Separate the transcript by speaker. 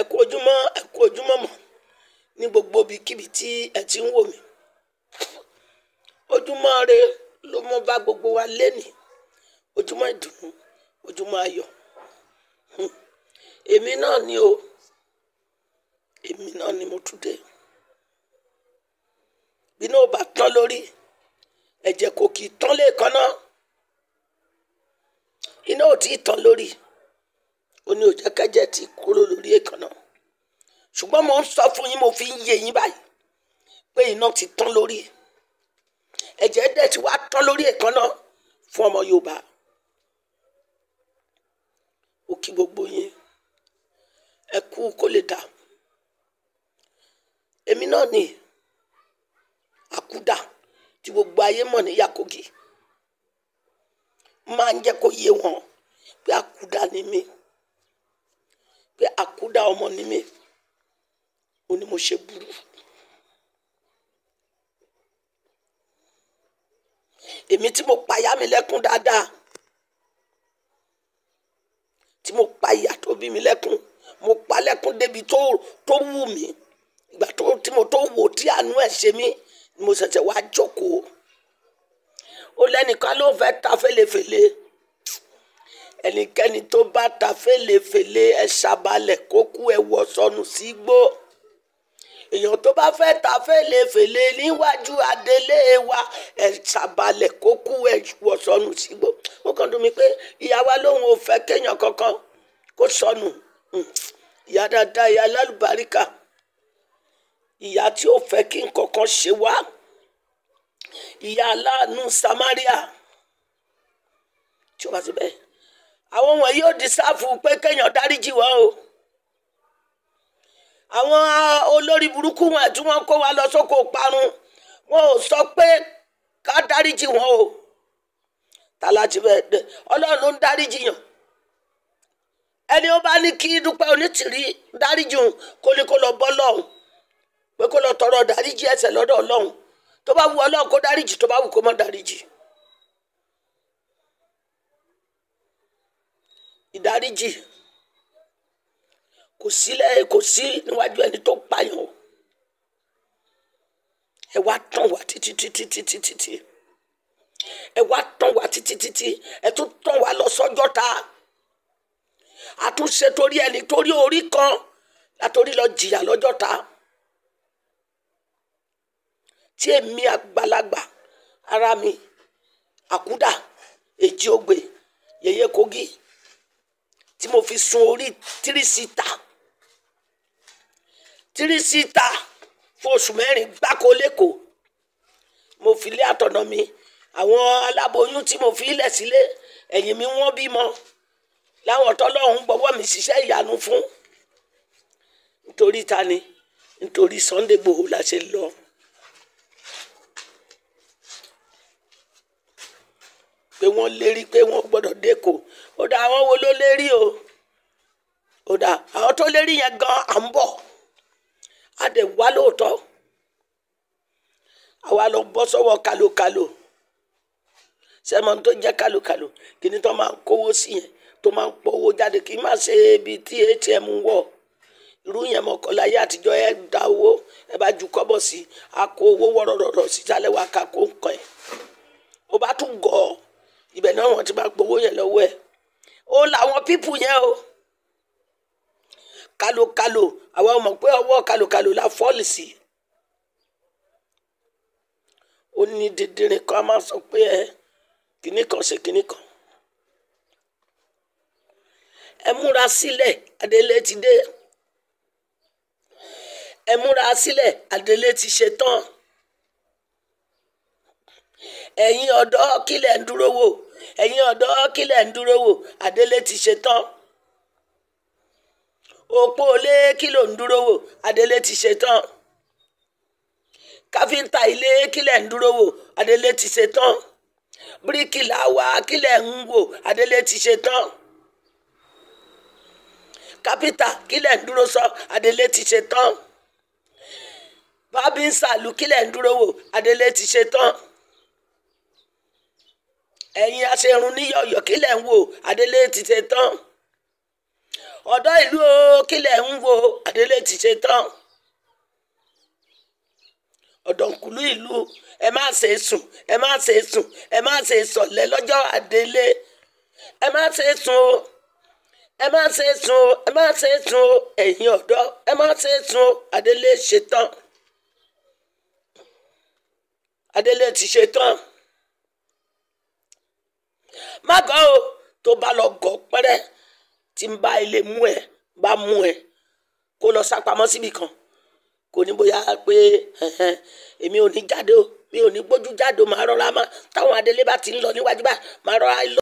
Speaker 1: ẹ kú ojúmọ́ ẹ gbogbo ibikíbi tí ti ń wò mí ojúmọ́ re ló gbogbo wa lẹ́nì ojúmọ́ ìdùnnú ojúmọ́ ayọ hmm. èmi náà ni o èmi ni mo tún dé bí náà bá tán lórí ẹ̀jẹ̀ kò kì í tán lẹ́ẹ̀kan ó ní òjẹ́ kẹ́jẹ̀ ti kúrò lórí èkánná ṣùgbọ́n mo ń sọ fún yín mo fi ń yé yín báyìí pé iná ti tán lórí ẹ̀jẹ̀ dẹ̀ ti wá tán lórí èkánná fún ọmọ Yorùbá ó kí gbogbo yín ẹ kú kó lè dà èmi náà ni àkúdà tí gbogbo ayé mọ̀ ní Yakogi máa ń jẹ́ kó yé wọn pé àkúdà ni mí pé àkúdà ọmọ ni mí ó ní mo ṣe burú èmi tí mo payá mi lẹ́kún dáadáa tí mo pa ìyá tó bí mi lẹ́kún mo pa lẹ́kún débi tó tó wù mí ìgbà tó tí mo tó wò tí àánú ẹ̀ ṣe mí ni mo ṣẹ̀ṣẹ̀ wá jókòó ó lẹ́nìkan ló fẹ́ ta fẹ́lẹ́fẹ́lẹ́ ẹnikẹ́ni tó bá ta fèlèfèlè ẹ ṣàbalẹ̀ kó kú ẹ wọ̀ sọnù sígbó èèyàn tó bá fẹ́ ta fèlèfèlè níwájú adélé wa ẹ ṣàbalẹ̀ kó kú ẹ wọ̀ sọnù sígbó ó kàn dùn mí pé ìyá wa lòun ò fẹ́ kéèyàn kankan kó sọnù hmm. ìyá dáadáa ìyá lálùbáríkà ìyá tí ó fẹ́ kí nkankan ṣe wá ìyá aláàánú samaria tí ó bá ti bẹ́ẹ̀ àwọn wọ̀nyí ò dísáfù pé kéèyàn dáríjì wọ́n o àwọn olórí burúkú wọn tí wọ́n kó wa lọ sóko parun wọn ò sọ pé ká dáríjì wọ́n o tàlàtì bẹ́ẹ̀ ọlọ́run ló ń dáríjì yàn ẹni ó bá ní kí dúpẹ́ onítìrí dáríjì òun kó ní kó lọ bọ́ lọ́hùn pé kó lọ tọrọ dáríjì ẹ̀ṣẹ̀ lọ́dọ̀ ọlọ́run tó bá wù ọlọ́run kó dáríjì tó bá wù kó má dáríjì. ìdáríjì kò sílẹ̀ kò sí níwájú ẹni tó pààyàn o ẹ wá tàn wá títí títí títí títí ẹ wá tàn wá títí títí ẹ tún tàn wá lọ sọ́jọ́ ta àtúnṣe torí ẹni torí orí kan látòrí lọ jìyà lọ́jọ́ tí èmi àgbàlagbà ara mi àkúdà èjì ogbè yèyé kogi tí mo fi sun orí tírísítà tírísítà fún oṣù mẹ́rin gbáko lẹ́kọ̀ọ́ mo fi lé àtọ̀nà mi àwọn aláboyún tí mo fi ilẹ̀ sílé ẹ̀yìn mi wọ́n bímọ láwọn tọ́lọ́hún gbọ́wọ́ mi ṣiṣẹ́ ìyanu fún nítorí ta ni nítorí Sunday Igboho la ṣe lọ. pé wọ́n lérí pé wọ́n gbọ́dọ̀ dẹ́kọ̀ọ́ ó dà àwọn wo ló lérí o ó dà àwọn tó lérí yẹn gan à ń bọ̀ a dẹ̀ wá lóòótọ́ àwa lọ bọ́ sọ́wọ́ kalokalo sẹ́mọ̀n tó jẹ́ kalokalo kí ni tó máa ń kówó sí yẹn tó máa ń pọ̀ jáde kí n má ṣe ibi tí atm wọ̀ irú yẹn mọ̀kànlá àtijọ́ ẹ da owó ẹ bá ju kọ́bọ̀ sí a kó owó wọ́rọ̀rọ̀rọ̀ sísàlẹ̀ wa ká kó nǹkan ẹ̀ ó bá tún gọ̀ ọ́ ibẹ̀ náà wọ́n ti máa gbowó yẹn lọ́wọ́ ẹ pípù yẹn o kalokalo àwa mọ̀ pé ọwọ́ kalokalo la fọ́ọ̀lì sí ó ní dídírin kan a máa sọ pé ẹ kìnnì kan ṣe kìnnì kan ẹ múra sílẹ̀ adélé ti dé ẹ múra sílẹ̀ adélé ti ṣe tán ẹ̀yin ọ̀dọ́ kílẹ̀ ń dúró wò ẹ̀yin ọ̀dọ́ kílẹ̀ ń dúró wò adélé ti ṣe tán òpó olé kílò ń dúró wò adélé ti ṣe tán káfíńtà ilé kílẹ̀ ń dúró wò adélé ti ṣe tán bíríkìlà wa kílẹ̀ ń wò adélé ti ṣe tán kápítà kílẹ̀ ń dúró sọ adélé ti ṣe tán bábí ń sàlù kílẹ̀ ń dúró wò adélé ti ṣe tán ẹ̀yin aṣerun ní yọ̀yọ̀ kílẹ̀ ń wò adélé ti ṣe tán ọ̀dọ́ ìlú o kílẹ̀ ń wò adélé ti ṣe tán ọ̀dọ̀nkùlú ìlú ẹ má ṣe sùn ẹ má ṣe sùn ẹ má ṣe sọ̀lẹ̀ lọ́jọ́ adélé ẹ má ṣe sùn o ẹ má ṣe sùn o ẹ má ṣe sùn o ẹ̀yin ọ̀dọ́ ẹ má ṣe sùn o adélé ṣe tán adélé ti ṣe tán má gọ́ o tó bá lọ gọ́ pẹ́rẹ́ tí ń bá ilé mú ẹ bá mú ẹ kó lọ sápamọ́ síbì kan kò ní bóyá pé èmi ò ní jáde o mi ò ní gbójú jáde o màá rọra má táwọn adélé bá ti ń lọ níwájú bá màá rọra lọ